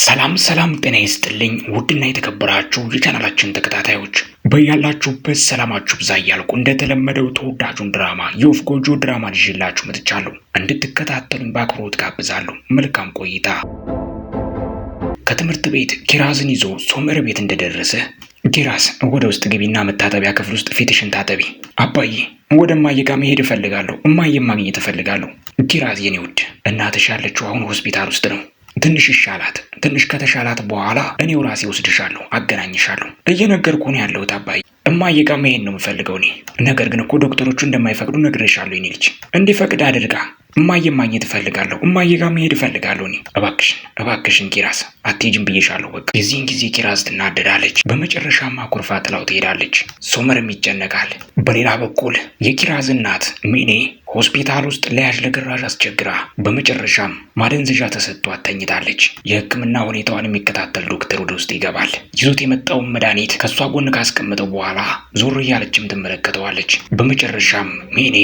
ሰላም ሰላም፣ ጤና ይስጥልኝ ውድና የተከበራችሁ የቻናላችን ተከታታዮች በያላችሁበት ሰላማችሁ ብዛ እያልኩ እንደተለመደው ተወዳጁን ድራማ የወፍ ጎጆ ድራማ ይዤላችሁ መጥቻለሁ። እንድትከታተሉኝ በአክብሮት ጋብዛለሁ። መልካም ቆይታ። ከትምህርት ቤት ኪራዝን ይዞ ሶመር ቤት እንደደረሰ ኪራስ ወደ ውስጥ ግቢና መታጠቢያ ክፍል ውስጥ ፊትሽን ታጠቢ። አባዬ ወደ እማዬ መሄድ እፈልጋለሁ። እማዬ ማግኘት እፈልጋለሁ። ኪራዝ የኔ ውድ እናትሽ ያለችው አሁን ሆስፒታል ውስጥ ነው ትንሽ ይሻላት። ትንሽ ከተሻላት በኋላ እኔው ራሴ ወስድሻለሁ፣ አገናኝሻለሁ። እየነገርኩህ ነው ያለሁት አባዬ እማዬ ጋር መሄድ ነው የምፈልገው እኔ። ነገር ግን እኮ ዶክተሮቹ እንደማይፈቅዱ ነግሬሻለሁ የኔ ልጅ። እንዲፈቅድ አድርጋ እማዬ ማግኘት እፈልጋለሁ። እማዬ ጋር መሄድ እፈልጋለሁ እኔ። እባክሽን እባክሽን ኪራስ አትሄጂም ብዬሻለሁ። በቃ የዚህን ጊዜ ኪራስ ትናደዳለች። በመጨረሻም ኩርፋ ጥላው ትሄዳለች። ሶመርም ይጨነቃል። በሌላ በኩል የኪራዝ እናት ሚኔ ሆስፒታል ውስጥ ለያዥ ለግራዥ አስቸግራ በመጨረሻም ማደንዘዣ ተሰጥቷት ተኝታለች። የሕክምና ሁኔታዋን የሚከታተል ዶክተር ወደ ውስጥ ይገባል። ይዞት የመጣውን መድኃኒት ከእሷ ጎን ካስቀመጠው በኋላ ዞር እያለችም ትመለከተዋለች። በመጨረሻም ሚኔ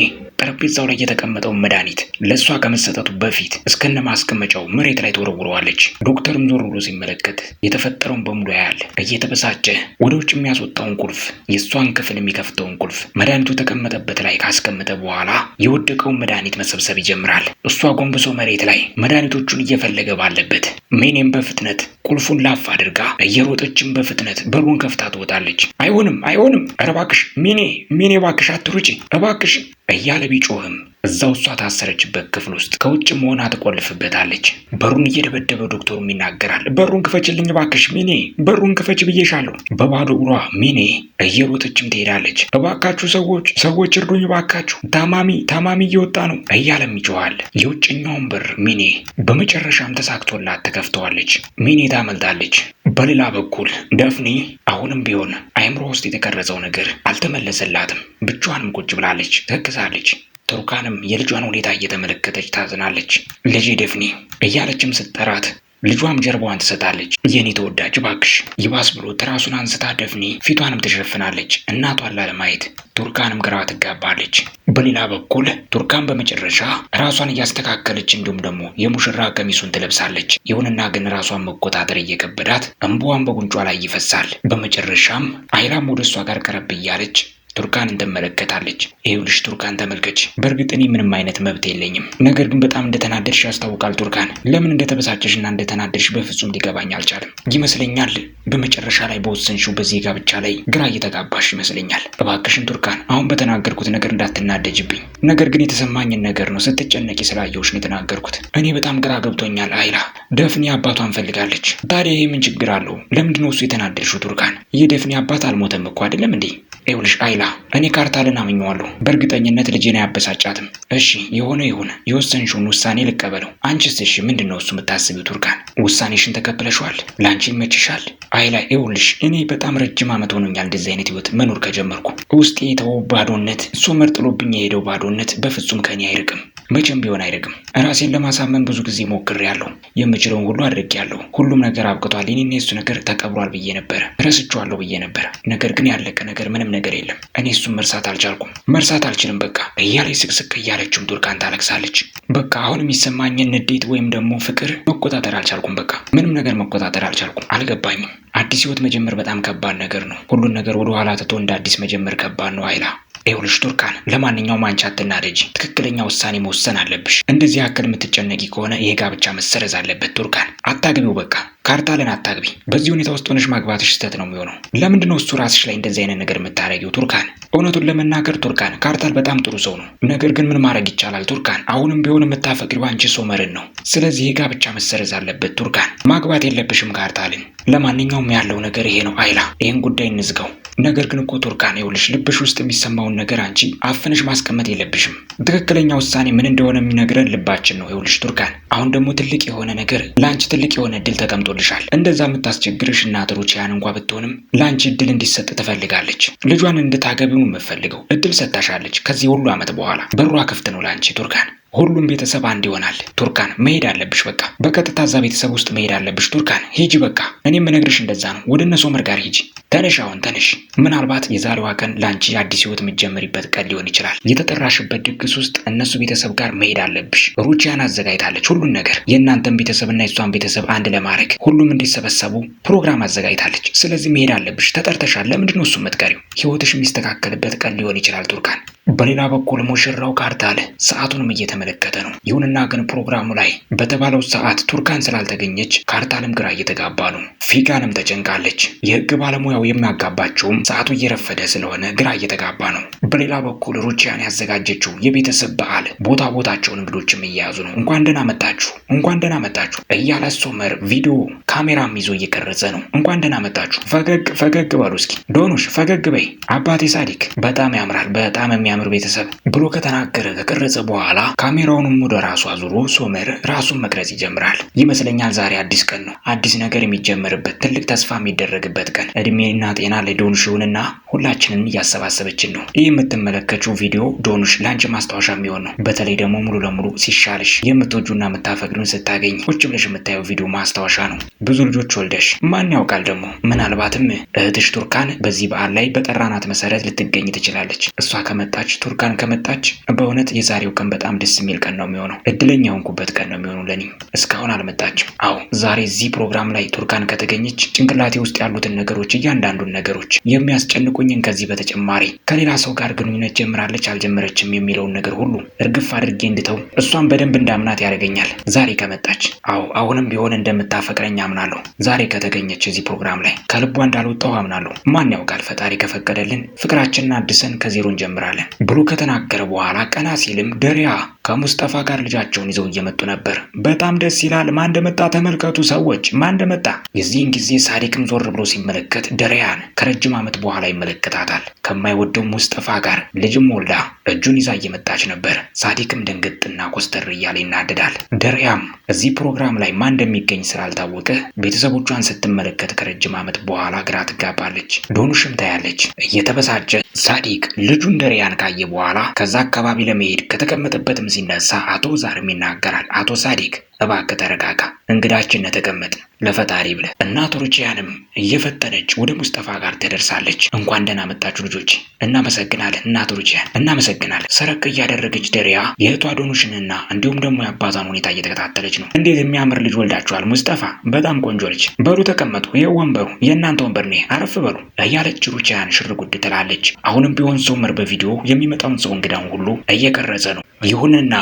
ጠረጴዛው ላይ የተቀመጠው መድኃኒት ለእሷ ከመሰጠቱ በፊት እስከነ ማስቀመጫው መሬት ላይ ተወረውረዋለች። ዶክተርም ዞር ብሎ ሲመለከት የተፈጠረውን በሙሉ ያያል። እየተበሳጨ ወደ ውጭ የሚያስወጣውን ቁልፍ፣ የእሷን ክፍል የሚከፍተውን ቁልፍ መድኃኒቱ የተቀመጠበት ላይ ካስቀመጠ በኋላ የወደቀውን መድኃኒት መሰብሰብ ይጀምራል። እሷ ጎንብሶ መሬት ላይ መድኃኒቶቹን እየፈለገ ባለበት ሜኔም በፍጥነት ቁልፉን ላፍ አድርጋ እየሮጠችን በፍጥነት በሩን ከፍታ ትወጣለች። አይሆንም አይሆንም! እባክሽ ሚኔ ሚኔ፣ እባክሽ አትሩጪ እባክሽ እያለ ቢጮህም እዛው እሷ ታሰረችበት ክፍል ውስጥ ከውጭ መሆን ትቆልፍበታለች። በሩን እየደበደበው ዶክተሩም ይናገራል። በሩን ክፈችልኝ ባክሽ ሚኔ፣ በሩን ክፈች ብዬሻለሁ። በባዶ እግሯ ሚኔ እየሮጠችም ትሄዳለች። እባካችሁ ሰዎች፣ ሰዎች እርዱኝ እባካችሁ፣ ታማሚ፣ ታማሚ እየወጣ ነው እያለም ይጮኋል። የውጭኛውን በር ሚኔ በመጨረሻም ተሳክቶላት ተከፍተዋለች። ሚኔ ታመልጣለች። በሌላ በኩል ደፍኔ አሁንም ቢሆን አይምሮ ውስጥ የተቀረጸው ነገር አልተመለሰላትም። ብቻዋንም ቁጭ ብላለች፣ ተክዛለች። ትሩካንም የልጇን ሁኔታ እየተመለከተች ታዝናለች። ልጅ ደፍኔ እያለችም ስትጠራት ልጇም ጀርባዋን ትሰጣለች። የኔ ተወዳጅ ባክሽ። ይባስ ብሎ ትራሱን አንስታ ደፍኔ ፊቷንም ትሸፍናለች እናቷን ላለማየት። ቱርካንም ግራ ትጋባለች። በሌላ በኩል ቱርካን በመጨረሻ ራሷን እያስተካከለች እንዲሁም ደግሞ የሙሽራ ቀሚሱን ትለብሳለች። ይሁንና ግን ራሷን መቆጣጠር እየከበዳት እንባዋን በጉንጯ ላይ ይፈሳል። በመጨረሻም አይላም ወደ እሷ ጋር ቀረብ እያለች ቱርካን ትመለከታለች። ይኸውልሽ ቱርካን ተመልከች፣ በእርግጥ እኔ ምንም አይነት መብት የለኝም፣ ነገር ግን በጣም እንደተናደድሽ ያስታውቃል። ቱርካን ለምን እንደተበሳጨሽና እንደተናደድሽ በፍጹም ሊገባኝ አልቻለም። ይመስለኛል በመጨረሻ ላይ በወሰንሽው በዚህ ጋብቻ ላይ ግራ እየተጋባሽ ይመስለኛል። እባክሽን ቱርካን አሁን በተናገርኩት ነገር እንዳትናደጅብኝ፣ ነገር ግን የተሰማኝን ነገር ነው። ስትጨነቂ ስላየሁሽ ነው የተናገርኩት። እኔ በጣም ግራ ገብቶኛል። አይላ ደፍኔ አባቷን ፈልጋለች። ታዲያ ይህ ምን ችግር አለው? ለምንድነው እሱ የተናደድሽው? ቱርካን ይህ ደፍኔ አባት አልሞተም እኮ አይደለም እንዴ? ይኸውልሽ አይላ እኔ ካርታልን አምኜዋለሁ። በእርግጠኝነት ልጄን አያበሳጫትም። እሺ የሆነ የሆነ የወሰንሽውን ውሳኔ ልቀበለው። አንቺስ እሺ ምንድን ነው እሱ የምታስቢው? ቱርካን ውሳኔሽን ተቀብለሽዋል። ለአንቺ ይመችሻል። አይላ ይኸውልሽ፣ እኔ በጣም ረጅም ዓመት ሆኖኛል እንደዚህ አይነት ህይወት መኖር ከጀመርኩ። ውስጤ የተወው ባዶነት፣ ሶመር ጥሎብኝ የሄደው ባዶነት በፍጹም ከእኔ አይርቅም። መቼም ቢሆን አይደግም። ራሴን ለማሳመን ብዙ ጊዜ ሞክሬያለሁ። የምችለውን ሁሉ አድርጌያለሁ። ሁሉም ነገር አብቅቷል። የኔና የሱ ነገር ተቀብሯል ብዬ ነበረ፣ ረስቼዋለሁ ብዬ ነበረ። ነገር ግን ያለቀ ነገር ምንም ነገር የለም። እኔ እሱን መርሳት አልቻልኩም፣ መርሳት አልችልም በቃ እያለች ስቅስቅ እያለችም ቱርካን ታለቅሳለች። በቃ አሁን የሚሰማኝን ንዴት ወይም ደግሞ ፍቅር መቆጣጠር አልቻልኩም። በቃ ምንም ነገር መቆጣጠር አልቻልኩም። አልገባኝም። አዲስ ህይወት መጀመር በጣም ከባድ ነገር ነው። ሁሉን ነገር ወደ ኋላ ትቶ እንደ አዲስ መጀመር ከባድ ነው አይላ ይኸውልሽ ቱርካን፣ ለማንኛውም አንቺ አትናደጂ። ትክክለኛ ውሳኔ መወሰን አለብሽ። እንደዚህ ያክል የምትጨነቂ ከሆነ ይሄ ጋብቻ መሰረዝ አለበት። ቱርካን አታግቢው በቃ ካርታልን አታግቢ። በዚህ ሁኔታ ውስጥ ሆነሽ ማግባትሽ ስህተት ነው የሚሆነው። ለምንድን ነው እሱ ራስሽ ላይ እንደዚህ አይነት ነገር የምታረጊው? ቱርካን፣ እውነቱን ለመናገር ቱርካን፣ ካርታል በጣም ጥሩ ሰው ነው። ነገር ግን ምን ማድረግ ይቻላል ቱርካን። አሁንም ቢሆን የምታፈቅሪው አንቺ ሶመርን ነው። ስለዚህ ይህ ጋብቻ መሰረዝ አለበት ቱርካን። ማግባት የለብሽም ካርታልን። ለማንኛውም ያለው ነገር ይሄ ነው። አይላ፣ ይህን ጉዳይ እንዝጋው። ነገር ግን እኮ ቱርካን ይኸውልሽ፣ ልብሽ ውስጥ የሚሰማውን ነገር አንቺ አፍነሽ ማስቀመጥ የለብሽም። ትክክለኛ ውሳኔ ምን እንደሆነ የሚነግረን ልባችን ነው። ይኸውልሽ ቱርካን፣ አሁን ደግሞ ትልቅ የሆነ ነገር ለአንቺ ትልቅ የሆነ እድል ተቀምጦ አድርጎልሻል። እንደዛ የምታስቸግርሽ እናት ሩቺያን እንኳ ብትሆንም ለአንቺ እድል እንዲሰጥ ትፈልጋለች። ልጇን እንድታገቢው የምፈልገው እድል ሰጥታሻለች። ከዚህ ሁሉ ዓመት በኋላ በሯ ክፍት ነው ለአንቺ ቱርካን። ሁሉም ቤተሰብ አንድ ይሆናል። ቱርካን መሄድ አለብሽ። በቃ በቀጥታ እዛ ቤተሰብ ውስጥ መሄድ አለብሽ። ቱርካን ሂጂ። በቃ እኔም ምነግርሽ እንደዛ ነው። ወደ እነ ሶመር ጋር ሂጂ። ተነሽ፣ አሁን ተነሽ። ምናልባት የዛሬዋ ቀን ለአንቺ አዲስ ህይወት የምትጀምሪበት ቀን ሊሆን ይችላል። የተጠራሽበት ድግስ ውስጥ እነሱ ቤተሰብ ጋር መሄድ አለብሽ። ሩቺያን አዘጋጅታለች ሁሉን ነገር፣ የእናንተን ቤተሰብና የእሷን ቤተሰብ አንድ ለማድረግ ሁሉም እንዲሰበሰቡ ፕሮግራም አዘጋጅታለች። ስለዚህ መሄድ አለብሽ። ተጠርተሻል። ለምንድን ነው እሱ የምትቀሪው? ህይወትሽ የሚስተካከልበት ቀን ሊሆን ይችላል ቱርካን። በሌላ በኩል ሙሽራው ካርታ አለ ሰዓቱንም እየተ እየተመለከተ ነው። ይሁንና ግን ፕሮግራሙ ላይ በተባለው ሰዓት ቱርካን ስላልተገኘች ካርታንም ግራ እየተጋባ ነው። ፊጋንም ተጨንቃለች። የህግ ባለሙያው የሚያጋባቸውም ሰዓቱ እየረፈደ ስለሆነ ግራ እየተጋባ ነው። በሌላ በኩል ሩቺያን ያዘጋጀችው የቤተሰብ በዓል ቦታ ቦታቸውን እንግዶችም እየያዙ ነው። እንኳን ደህና መጣችሁ፣ እንኳን ደህና መጣችሁ እያለ ሶመር ቪዲዮ ካሜራም ይዞ እየቀረጸ ነው። እንኳን ደህና መጣችሁ፣ ፈገግ ፈገግ በሉ እስኪ ዶኑሽ፣ ፈገግ በይ አባቴ ሳዲክ፣ በጣም ያምራል፣ በጣም የሚያምር ቤተሰብ ብሎ ከተናገረ ከቀረጸ በኋላ ካሜራውንም ወደ ራሱ አዙሮ ሶመር ራሱን መቅረጽ ይጀምራል። ይመስለኛል ዛሬ አዲስ ቀን ነው። አዲስ ነገር የሚጀመርበት ትልቅ ተስፋ የሚደረግበት ቀን። እድሜና ጤና ለዶኑሽ ይሁንና ሁላችንን እያሰባሰበችን ነው። ይህ የምትመለከችው ቪዲዮ ዶንሽ ለአንቺ ማስታወሻ የሚሆን ነው። በተለይ ደግሞ ሙሉ ለሙሉ ሲሻልሽ የምትወጁና የምታፈቅዱን ስታገኝ ቁጭ ብለሽ የምታየው ቪዲዮ ማስታወሻ ነው። ብዙ ልጆች ወልደሽ ማን ያውቃል ደግሞ ምናልባትም እህትሽ ቱርካን በዚህ በዓል ላይ በጠራናት መሰረት ልትገኝ ትችላለች። እሷ ከመጣች ቱርካን ከመጣች በእውነት የዛሬው ቀን በጣም ደስ የሚል ቀን ነው የሚሆነው። እድለኛ የሆንኩበት ቀን ነው የሚሆነው ለኔ። እስካሁን አልመጣችም። አዎ ዛሬ እዚህ ፕሮግራም ላይ ቱርካን ከተገኘች ጭንቅላቴ ውስጥ ያሉትን ነገሮች፣ እያንዳንዱን ነገሮች የሚያስጨንቁኝን፣ ከዚህ በተጨማሪ ከሌላ ሰው ጋር ግንኙነት ጀምራለች አልጀመረችም የሚለውን ነገር ሁሉ እርግፍ አድርጌ እንድተው እሷን በደንብ እንዳምናት ያደርገኛል። ዛሬ ከመጣች፣ አዎ አሁንም ቢሆን እንደምታፈቅረኝ አምናለሁ። ዛሬ ከተገኘች እዚህ ፕሮግራም ላይ ከልቧ እንዳልወጣው አምናለሁ። ማን ያውቃል፣ ፈጣሪ ከፈቀደልን ፍቅራችንን አድሰን ከዜሮ እንጀምራለን ብሎ ከተናገረ በኋላ ቀና ሲልም ደሪያ ከሙስጠፋ ጋር ልጃቸውን ይዘው እየመጡ ነበር። በጣም ደስ ይላል። ማን እንደመጣ ተመልከቱ ሰዎች፣ ማን እንደመጣ። የዚህን ጊዜ ሳዲክም ዞር ብሎ ሲመለከት ደሪያን ከረጅም ዓመት በኋላ ይመለከታታል። ከማይወደው ሙስጠፋ ጋር ልጅም ወልዳ እጁን ይዛ እየመጣች ነበር። ሳዲቅም ደንገጥና ኮስተር እያለ ይናደዳል። ደሪያም እዚህ ፕሮግራም ላይ ማን እንደሚገኝ ስላልታወቀ ቤተሰቦቿን ስትመለከት ከረጅም ዓመት በኋላ ግራ ትጋባለች። ዶኑሽም ታያለች። እየተበሳጨ ሳዲቅ ልጁን ደሪያን ካየ በኋላ ከዛ አካባቢ ለመሄድ ከተቀመጠበትም ሲነሳ አቶ ዛርም ይናገራል። አቶ ሳዲቅ እባክህ ተረጋጋ፣ እንግዳችን ተቀመጥ፣ ለፈጣሪ ብለህ። እናቱ ሩቺያንም እየፈጠነች ወደ ሙስጠፋ ጋር ትደርሳለች። እንኳን ደህና መጣችሁ ልጆች፣ እናመሰግናለን እናት ሩቺያን እናመሰግናለን። ሰረቅ እያደረገች ደሪያ የእህቷ ዶኑሽንና እንዲሁም ደግሞ የአባቷን ሁኔታ እየተከታተለች ነው። እንዴት የሚያምር ልጅ ወልዳችኋል ሙስጠፋ፣ በጣም ቆንጆ ልጅ። በሉ ተቀመጡ፣ የወንበሩ ወንበሩ የእናንተ ወንበር ነው፣ አረፍ በሉ እያለች ሩቺያን ጉድ ትላለች። አሁንም ቢሆን ሶመር በቪዲዮ የሚመጣውን ሰው እንግዳውን ሁሉ እየቀረጸ ነው። ይሁንና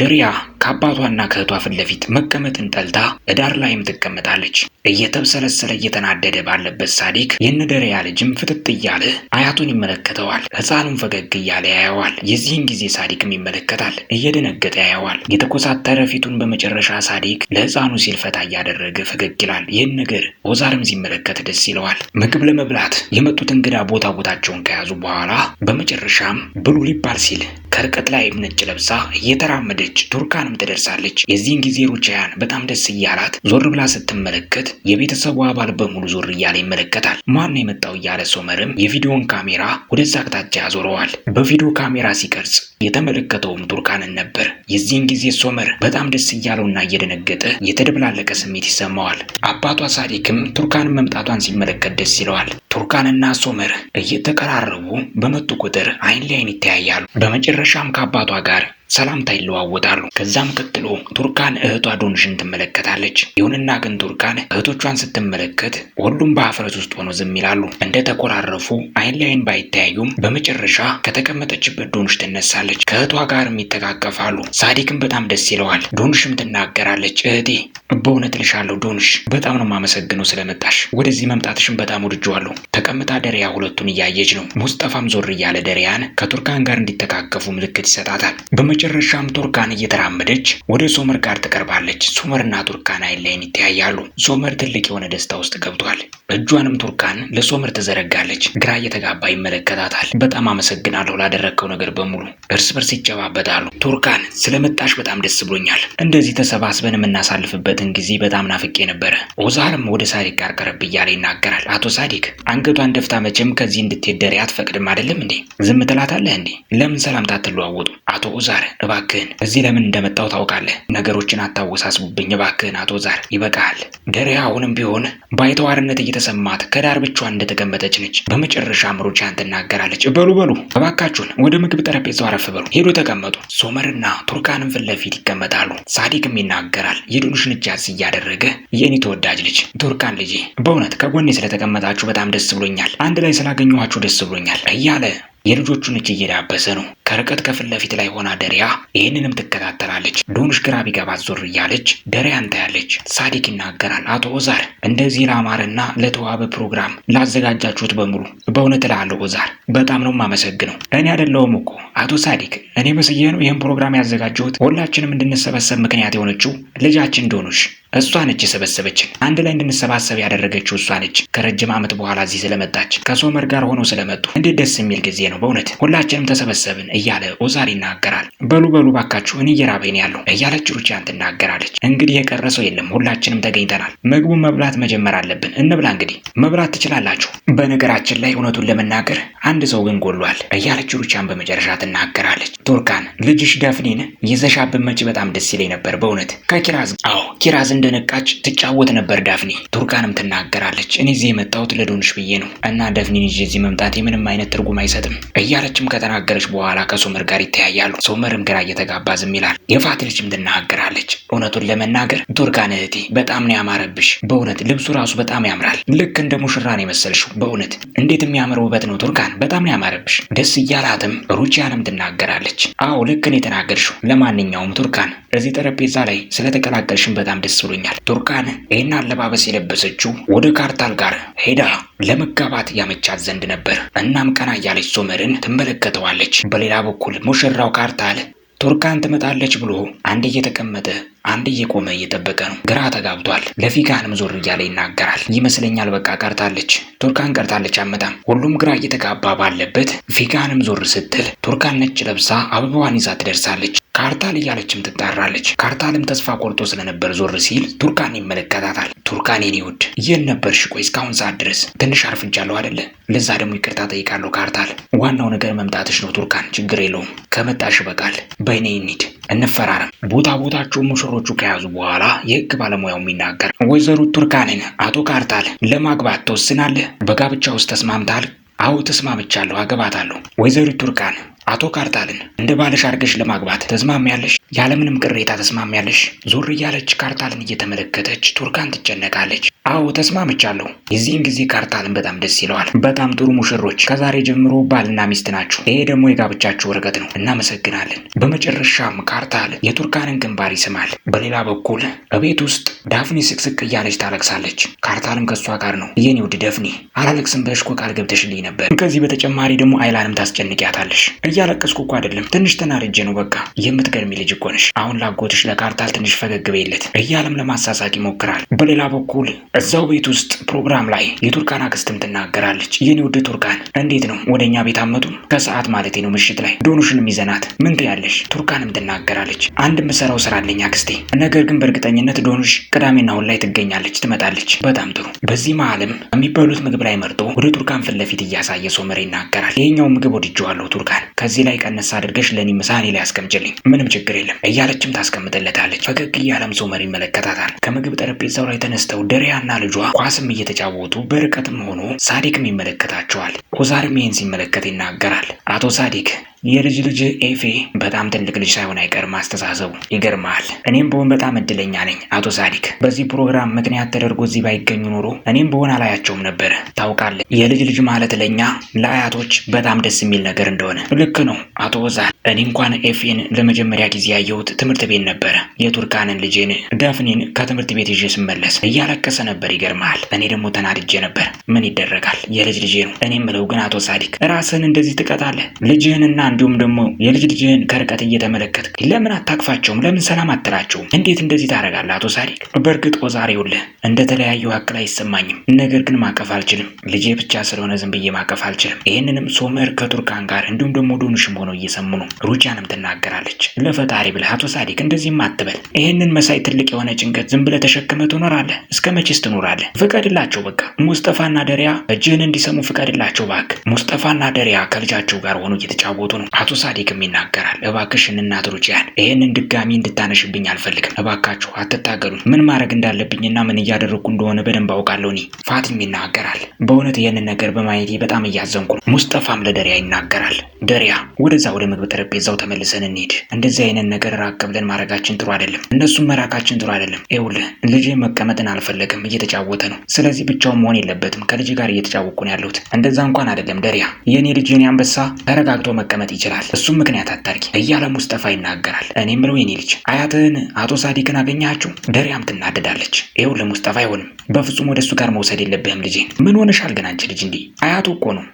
ድሪያ ከአባቷና ከእህቷ ፊት ለፊት መቀመጥን ጠልታ እዳር ላይም ትቀመጣለች። እየተብሰለሰለ እየተናደደ ባለበት ሳዲክ የነ ድሪያ ልጅም ፍጥጥ እያለ አያቱን ይመለከተዋል። ህፃኑም ፈገግ እያለ ያየዋል። የዚህን ጊዜ ሳዲክም ይመለከታል። እየደነገጠ ያየዋል። የተኮሳተረ ፊቱን በመጨረሻ ሳዲክ ለህፃኑ ሲል ፈታ እያደረገ ፈገግ ይላል። ይህን ነገር ኦዛርም ሲመለከት ደስ ይለዋል። ምግብ ለመብላት የመጡት እንግዳ ቦታ ቦታቸውን ከያዙ በኋላ በመጨረሻም ብሉ ሊባል ሲል ከርቀት ላይ ነጭ ለብሳ እየተራመደ ትደርሳለች። ቱርካንም ትደርሳለች። የዚህን ጊዜ ሩቻያን በጣም ደስ እያላት ዞር ብላ ስትመለከት የቤተሰቡ አባል በሙሉ ዞር እያለ ይመለከታል። ማን የመጣው እያለ ሶመርም የቪዲዮን ካሜራ ወደዛ አቅጣጫ ያዞረዋል። በቪዲዮ ካሜራ ሲቀርጽ የተመለከተውም ቱርካንን ነበር። የዚህን ጊዜ ሶመር በጣም ደስ እያለውና እየደነገጠ የተደብላለቀ ስሜት ይሰማዋል። አባቷ ሳዲክም ቱርካንን መምጣቷን ሲመለከት ደስ ይለዋል። ቱርካንና ሶመር እየተቀራረቡ በመጡ ቁጥር አይን ላይን ይተያያሉ። በመጨረሻም ከአባቷ ጋር ሰላምታ ይለዋወጣሉ። ከዛም ቀጥሎ ቱርካን እህቷ ዶንሽን ትመለከታለች። ይሁንና ግን ቱርካን እህቶቿን ስትመለከት ሁሉም በአፍረት ውስጥ ሆኖ ዝም ይላሉ። እንደ ተኮራረፉ አይን ላይን ባይተያዩም በመጨረሻ ከተቀመጠችበት ዶንሽ ትነሳለች። ከእህቷ ጋርም ይተቃቀፋሉ። ሳዲክም በጣም ደስ ይለዋል። ዶንሽም ትናገራለች፣ እህቴ በእውነት ልሻለሁ ዶንሽ፣ በጣም ነው ማመሰግነው ስለመጣሽ። ወደዚህ መምጣትሽም በጣም ወድጀዋለሁ። ተቀምጣ ደሪያ ሁለቱን እያየች ነው። ሙስጠፋም ዞር እያለ ደሪያን ከቱርካን ጋር እንዲተቃቀፉ ምልክት ይሰጣታል። በመጨረሻም ቱርካን እየተራመደች ወደ ሶመር ጋር ትቀርባለች። ሶመርና ቱርካን አይን ላይን ይተያያሉ። ሶመር ትልቅ የሆነ ደስታ ውስጥ ገብቷል። እጇንም ቱርካን ለሶመር ትዘረጋለች። ግራ እየተጋባ ይመለከታታል። በጣም አመሰግናለሁ ላደረግከው ነገር በሙሉ። እርስ በርስ ይጨባበጣሉ። ቱርካን ስለመጣሽ በጣም ደስ ብሎኛል። እንደዚህ ተሰባስበን የምናሳልፍበትን ጊዜ በጣም ናፍቄ ነበረ። ኦዛርም ወደ ሳዲቅ ጋር ቀረብ እያለ ይናገራል። አቶ ሳዲክ አንገቷን ደፍታ መቼም ከዚህ እንድትደሪ አትፈቅድም አይደለም እንዴ? ዝም ትላታለህ እንዴ? ለምን ሰላምታ አትለዋወጡ? አቶ ኦዛር እባክህን እዚህ ለምን እንደመጣው ታውቃለህ። ነገሮችን አታወሳስቡብኝ እባክህን አቶ ዛር ይበቃል። ደሪያ አሁንም ቢሆን ባይተዋርነት እየተሰማት ከዳር ብቻዋን እንደተቀመጠች ነች። በመጨረሻ ሩቻን ትናገራለች። በሉ በሉ እባካችሁን ወደ ምግብ ጠረጴዛው አረፍ በሉ፣ ሄዱ ተቀመጡ። ሶመርና ቱርካንም ፊት ለፊት ይቀመጣሉ። ሳዲቅም ይናገራል የዱንሽን እጃዝ እያደረገ የእኔ ተወዳጅ ልጅ ቱርካን ልጄ በእውነት ከጎኔ ስለተቀመጣችሁ በጣም ደስ ብሎኛል። አንድ ላይ ስላገኘኋችሁ ደስ ብሎኛል እያለ የልጆቹን እጅ እየዳበሰ ነው። ከርቀት ከፊት ለፊት ላይ ሆና ደሪያ ይህንንም ትከታተላለች። ዶኑሽ ግራ ቢገባት ዞር እያለች ደሪያን ታያለች። ሳዲቅ ይናገራል። አቶ ኦዛር እንደዚህ ለአማረና ለተዋበ ፕሮግራም ላዘጋጃችሁት በሙሉ በእውነት እልሃለሁ ኦዛር በጣም ነው የማመሰግነው። እኔ አይደለሁም እኮ አቶ ሳዲቅ፣ እኔ መስዬ ነው ይህን ፕሮግራም ያዘጋጀሁት። ሁላችንም እንድንሰበሰብ ምክንያት የሆነችው ልጃችን ዶኑሽ እሷ ነች የሰበሰበችን። አንድ ላይ እንድንሰባሰብ ያደረገችው እሷ ነች። ከረጅም ዓመት በኋላ እዚህ ስለመጣች ከሶመር ጋር ሆነው ስለመጡ እንዴት ደስ የሚል ጊዜ ነው በእውነት ሁላችንም ተሰበሰብን እያለ ኦዛር ይናገራል። በሉ በሉ ባካችሁ እኔ እየራበኝ ያለው እያለች ሩቺያን ትናገራለች። እንግዲህ የቀረሰው የለም ሁላችንም ተገኝተናል። ምግቡን መብላት መጀመር አለብን። እንብላ እንግዲህ መብላት ትችላላችሁ። በነገራችን ላይ እውነቱን ለመናገር አንድ ሰው ግን ጎሏል እያለች ሩቺያን በመጨረሻ ትናገራለች። ቱርካን ልጅሽ ዳፍኔን ይዘሻብን መጪ በጣም ደስ ይለኝ ነበር በእውነት ከኪራዝ አዎ ኪራዝ እንደነቃች ትጫወት ነበር ዳፍኔ። ቱርካንም ትናገራለች፣ እኔ እዚህ የመጣሁት ለዶንሽ ብዬ ነው እና ዳፍኔን ይዤ እዚህ መምጣት የምንም አይነት ትርጉም አይሰጥም እያለችም ከተናገረች በኋላ ከሶመር ጋር ይተያያሉ። ሶመርም ግራ እየተጋባ ዝም ይላል። የፋት ልጅም ትናገራለች፣ እውነቱን ለመናገር ቱርካን እህቴ በጣም ነው ያማረብሽ። በእውነት ልብሱ ራሱ በጣም ያምራል። ልክ እንደ ሙሽራን የመሰልሽው። በእውነት እንዴት የሚያምር ውበት ነው ቱርካን፣ በጣም ነው ያማረብሽ። ደስ እያላትም ሩቺያንም ትናገራለች፣ አዎ ልክ ነው የተናገርሽው። ለማንኛውም ቱርካን እዚህ ጠረጴዛ ላይ ስለተቀላቀልሽን በጣም ደስ ብሎ ብሎኛል። ቱርካን ይህን አለባበስ የለበሰችው ወደ ካርታል ጋር ሄዳ ለመጋባት ያመቻት ዘንድ ነበር። እናም ቀና እያለች ሶመርን ትመለከተዋለች። በሌላ በኩል ሙሽራው ካርታል ቱርካን ትመጣለች ብሎ አንድ እየተቀመጠ አንድ እየቆመ እየጠበቀ ነው። ግራ ተጋብቷል። ለፊካንም ዞር እያለ ይናገራል። ይመስለኛል በቃ ቀርታለች፣ ቱርካን ቀርታለች አመጣም። ሁሉም ግራ እየተጋባ ባለበት ፊካንም ዞር ስትል ቱርካን ነጭ ለብሳ አበባዋን ይዛ ትደርሳለች። ካርታል እያለችም ትጣራለች። ካርታልም ተስፋ ቆርጦ ስለነበር ዞር ሲል ቱርካን ይመለከታታል። ቱርካን የኔ ውድ የት ነበርሽ? ቆይ እስካሁን ሰዓት ድረስ ትንሽ አርፍጃለሁ አደለ? ለዛ ደግሞ ይቅርታ ጠይቃለሁ ካርታል። ዋናው ነገር መምጣትሽ ነው ቱርካን፣ ችግር የለውም ከመጣሽ በቃል በይኔ እንሂድ እንፈራረም። ቦታ ቦታቸው ሙሽሮቹ ከያዙ በኋላ የህግ ባለሙያው የሚናገር ወይዘሮ ቱርካንን አቶ ካርታል ለማግባት ተወስናለህ? በጋብቻ ውስጥ ተስማምታል? አዎ ተስማምቻለሁ፣ አገባታለሁ። ወይዘሮ ቱርካን አቶ ካርታልን እንደ ባልሽ አድርገሽ ለማግባት ተስማሚያለሽ? ያለምንም ቅሬታ ተስማሚያለሽ? ዞር እያለች ካርታልን እየተመለከተች ቱርካን ትጨነቃለች። አዎ ተስማምቻለሁ። የዚህን ጊዜ ካርታልን በጣም ደስ ይለዋል። በጣም ጥሩ ሙሽሮች፣ ከዛሬ ጀምሮ ባልና ሚስት ናችሁ። ይሄ ደግሞ የጋብቻችሁ ወረቀት ነው። እናመሰግናለን። በመጨረሻም ካርታል የቱርካንን ግንባር ይስማል። በሌላ በኩል እቤት ውስጥ ዳፍኔ ስቅስቅ እያለች ታለቅሳለች። ካርታልም ከእሷ ጋር ነው። የኔ ውድ ደፍኔ አላለቅስም በሽኮ ቃል ገብተሽልኝ ነበር። ከዚህ በተጨማሪ ደግሞ አይላንም ታስጨንቂያታለሽ እያለቀስኩ እኮ አይደለም፣ ትንሽ ተናድጄ ነው። በቃ የምትገርሚ ልጅ እኮ ነሽ። አሁን ላጎትሽ ለካርታል ትንሽ ፈገግ በይለት እያለም ለማሳሳቅ ይሞክራል። በሌላ በኩል እዛው ቤት ውስጥ ፕሮግራም ላይ የቱርካን አክስትም ትናገራለች። የኔ ውድ ቱርካን እንዴት ነው ወደ እኛ ቤት አመጡም? ከሰዓት ማለት ነው ምሽት ላይ ዶኑሽንም ይዘናት ምን ትያለሽ? ቱርካንም ትናገራለች። አንድ ምሰራው ስራ አለኝ አክስቴ፣ ነገር ግን በእርግጠኝነት ዶኑሽ ቅዳሜና አሁን ላይ ትገኛለች፣ ትመጣለች። በጣም ጥሩ። በዚህ መሀልም የሚበሉት ምግብ ላይ መርጦ ወደ ቱርካን ፊት ለፊት እያሳየ ሶመር ይናገራል። ይሄኛው ምግብ ወድጄዋለሁ ቱርካን ከዚህ ላይ ቀነስ አድርገሽ ለእኔ ምሳሌ ላይ አስቀምጭልኝ፣ ምንም ችግር የለም እያለችም ታስቀምጥለታለች። ፈገግ እያለም ሶመር ይመለከታታል። ከምግብ ጠረጴዛው ላይ ተነስተው ደሪያና ልጇ ኳስም እየተጫወቱ በርቀትም ሆኖ ሳዲቅም ይመለከታቸዋል። ኦዛርም ይህን ሲመለከት ይናገራል። አቶ ሳዲክ የልጅ ልጅ ኤፌ በጣም ትልቅ ልጅ ሳይሆን አይቀርም። አስተሳሰቡ ይገርማል። እኔም በሆን በጣም እድለኛ ነኝ አቶ ሳዲክ። በዚህ ፕሮግራም ምክንያት ተደርጎ እዚህ ባይገኙ ኖሮ እኔም በሆን አላያቸውም ነበር። ታውቃለህ፣ የልጅ ልጅ ማለት ለእኛ ለአያቶች በጣም ደስ የሚል ነገር እንደሆነ ልክ ልክ ነው አቶ ወዛን። እኔ እንኳን ኤፌን ለመጀመሪያ ጊዜ ያየሁት ትምህርት ቤት ነበረ። የቱርካንን ልጄን ዳፍኔን ከትምህርት ቤት ይዤ ስመለስ እያለቀሰ ነበር። ይገርመሃል። እኔ ደግሞ ተናድጄ ነበር። ምን ይደረጋል፣ የልጅ ልጄ ነው። እኔ ምለው ግን አቶ ሳዲክ ራስህን እንደዚህ ትቀጣለህ? ልጅህንና እንዲሁም ደግሞ የልጅ ልጅህን ከርቀት እየተመለከት ለምን አታቅፋቸውም? ለምን ሰላም አትላቸውም? እንዴት እንደዚህ ታደርጋለህ? አቶ ሳዲክ በእርግጥ ወዛሬውልህ እንደተለያዩ አቅል አይሰማኝም። ነገር ግን ማቀፍ አልችልም። ልጄ ብቻ ስለሆነ ዝም ብዬ ማቀፍ አልችልም። ይህንንም ሶመር ከቱርካን ጋር እንዲሁም ደግሞ ሁሉንሽም ሆነው እየሰሙ ነው። ሩጃንም ትናገራለች። ለፈጣሪ ብለህ አቶ ሳዲቅ እንደዚህም አትበል። ይህንን መሳይ ትልቅ የሆነ ጭንቀት ዝም ብለህ ተሸክመህ ትኖራለህ። እስከ መቼስ ትኖራለህ? ፍቀድላቸው በቃ። ሙስጠፋና ደሪያ እጅህን እንዲሰሙ ፍቀድላቸው ባክ ሙስጠፋና ደሪያ ከልጃቸው ጋር ሆኖ እየተጫወቱ ነው። አቶ ሳዲቅም ይናገራል። እባክሽን እናት ሩጂያን ይህንን ድጋሚ እንድታነሽብኝ አልፈልግም። እባካችሁ አትታገሉኝ። ምን ማድረግ እንዳለብኝና ምን እያደረግኩ እንደሆነ በደንብ አውቃለሁ። እኔ ፋቲም ይናገራል። በእውነት ይህንን ነገር በማየቴ በጣም እያዘንኩ ነው። ሙስጠፋም ለደሪያ ይናገራል። መንደርደሪያ። ወደዛ ወደ ምግብ ጠረጴዛው ተመልሰን እንሂድ። እንደዚህ አይነት ነገር ራቅ ብለን ማድረጋችን ጥሩ አይደለም። እነሱም መራካችን ጥሩ አይደለም። ይኸውልህ ልጄ መቀመጥን አልፈለገም፣ እየተጫወተ ነው። ስለዚህ ብቻውን መሆን የለበትም። ከልጅ ጋር እየተጫወኩ ነው ያለሁት። እንደዛ እንኳን አይደለም ደሪያ፣ የእኔ ልጅ የኔ አንበሳ ተረጋግቶ መቀመጥ ይችላል። እሱም ምክንያት አታርጊ እያለ ሙስጠፋ ይናገራል። እኔም ብለው የኔ ልጅ አያትህን አቶ ሳዲቅን አገኘሃችሁ? ደሪያም ትናደዳለች። ይኸውልህ ሙስጠፋ አይሆንም፣ በፍጹም ወደ እሱ ጋር መውሰድ የለብህም ልጅ ምን ሆነሻል ግን አንቺ ልጅ እንዲህ አያቱ እኮ ነው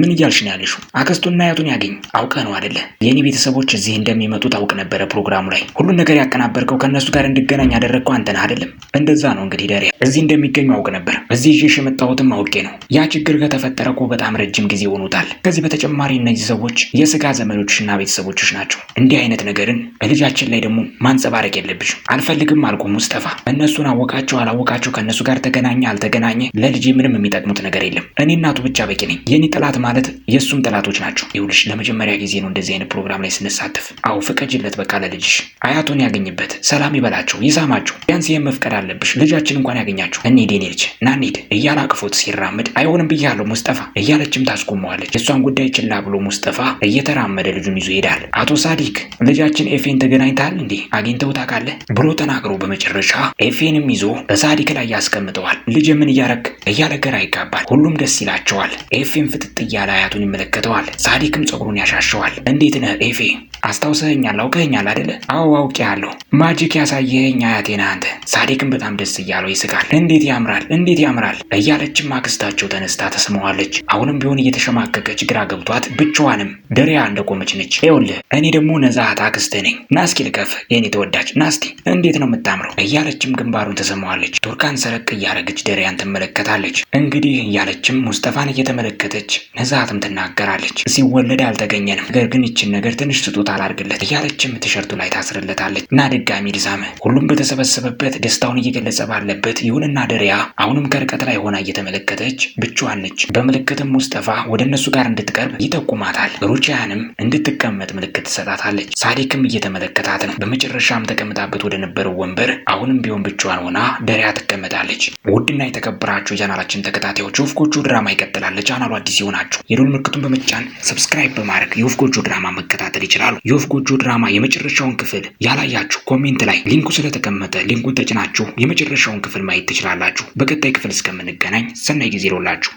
ምን እያልሽ ነው ያለሽው? አክስቱና አያቱን ያገኝ አውቀ ነው አይደለ? የኔ ቤተሰቦች እዚህ እንደሚመጡ ታውቅ ነበረ። ፕሮግራሙ ላይ ሁሉን ነገር ያቀናበርከው ከእነሱ ጋር እንድገናኝ ያደረግከው አንተ ነህ አይደለም? እንደዛ ነው እንግዲህ ደሬ እዚህ እንደሚገኙ አውቅ ነበር። እዚህ ይዤሽ የመጣሁትም አውቄ ነው። ያ ችግር ከተፈጠረ እኮ በጣም ረጅም ጊዜ ሆኖታል። ከዚህ በተጨማሪ እነዚህ ሰዎች የስጋ ዘመዶችና ቤተሰቦችሽ ናቸው። እንዲህ አይነት ነገርን ልጃችን ላይ ደግሞ ማንጸባረቅ የለብሽም። አልፈልግም አልኩ ሙስጠፋ። እነሱን አወቃቸው አላወቃቸው ከእነሱ ጋር ተገናኘ አልተገናኘ ለልጄ ምንም የሚጠቅሙት ነገር የለም። እኔ እናቱ ብቻ በቂ ነኝ። የእኔ ጥላት ማለት የእሱም ጠላቶች ናቸው። ይኸውልሽ ለመጀመሪያ ጊዜ ነው እንደዚህ አይነት ፕሮግራም ላይ ስንሳተፍ። አዎ ፍቀጅለት በቃ ለልጅሽ። አያቶን ያገኝበት፣ ሰላም ይበላቸው፣ ይሳማቸው። ቢያንስ ይህን መፍቀድ አለብሽ። ልጃችን እንኳን ያገኛቸው። እንሂድ የኔ ልጅ ና እንሂድ እያለ አቅፎት ሲራመድ አይሆንም ብያለሁ ሙስጠፋ እያለችም ታስቆመዋለች። እሷን ጉዳይ ችላ ብሎ ሙስጠፋ እየተራመደ ልጁን ይዞ ይሄዳል። አቶ ሳዲክ ልጃችን ኤፌን ተገናኝታል እንዴ አግኝተው ታውቃለህ? ብሎ ተናግሮ በመጨረሻ ኤፌንም ይዞ በሳዲክ ላይ ያስቀምጠዋል። ልጅ ምን እያረግ እያለ ግራ ይጋባል። ሁሉም ደስ ይላቸዋል። ኤፌን ፍጥጥ እያለ አያቱን ይመለከተዋል። ሳዲክም ጸጉሩን ያሻሸዋል። እንዴት ነህ ኤፌ? አስታውሰኸኛል? አውቀኸኛል አደለ? አዎ አውቄሃለሁ። ማጂክ ያሳየኸኝ አያቴ ነህ አንተ። ሳዲክም በጣም ደስ እያለው ይስቃል። እንዴት ያምራል፣ እንዴት ያምራል እያለችም አክስታቸው ተነስታ ተስመዋለች። አሁንም ቢሆን እየተሸማቀቀች ግራ ገብቷት ብቻዋንም ደሪያ እንደቆመች ነች። ይኸውልህ እኔ ደግሞ ነዛሀት አክስትህ ነኝ። ናስኪ ልቀፍ የኔ ተወዳጅ ናስቲ፣ እንዴት ነው የምታምረው እያለችም ግንባሩን ተስመዋለች። ቱርካን ሰረቅ እያረገች ደሪያን ትመለከታለች። እንግዲህ እያለችም ሙስጠፋን እየተመለከተች ነዛትም ትናገራለች። ሲወለድ አልተገኘንም፣ ነገር ግን ይችን ነገር ትንሽ ስጡት አላርግለት እያለችም ቲሸርቱ ላይ ታስርለታለች እና ድጋሚ ልዛመ ሁሉም በተሰበሰበበት ደስታውን እየገለጸ ባለበት ይሁንና ደሪያ አሁንም ከርቀት ላይ ሆና እየተመለከተች ብቻዋን ነች። በምልክትም ሙስጠፋ ወደ እነሱ ጋር እንድትቀርብ ይጠቁማታል። ሩቺያንም እንድትቀመጥ ምልክት ትሰጣታለች። ሳዲክም እየተመለከታት ነው። በመጨረሻም ተቀምጣበት ወደ ነበረው ወንበር አሁንም ቢሆን ብቻዋን ሆና ደሪያ ትቀመጣለች። ውድና የተከበራችሁ የቻናላችን ተከታታዮች ወፍ ጎጆ ድራማ ይቀጥላል። ለቻናሉ አዲስ ይሆናል ናቸው። የዶል ምልክቱን በመጫን ሰብስክራይብ በማድረግ የወፍ ጎጆ ድራማ መከታተል ይችላሉ። የወፍ ጎጆ ድራማ የመጨረሻውን ክፍል ያላያችሁ ኮሜንት ላይ ሊንኩ ስለተቀመጠ ሊንኩን ተጭናችሁ የመጨረሻውን ክፍል ማየት ትችላላችሁ። በቀጣይ ክፍል እስከምንገናኝ ሰናይ ጊዜ ይሁንላችሁ።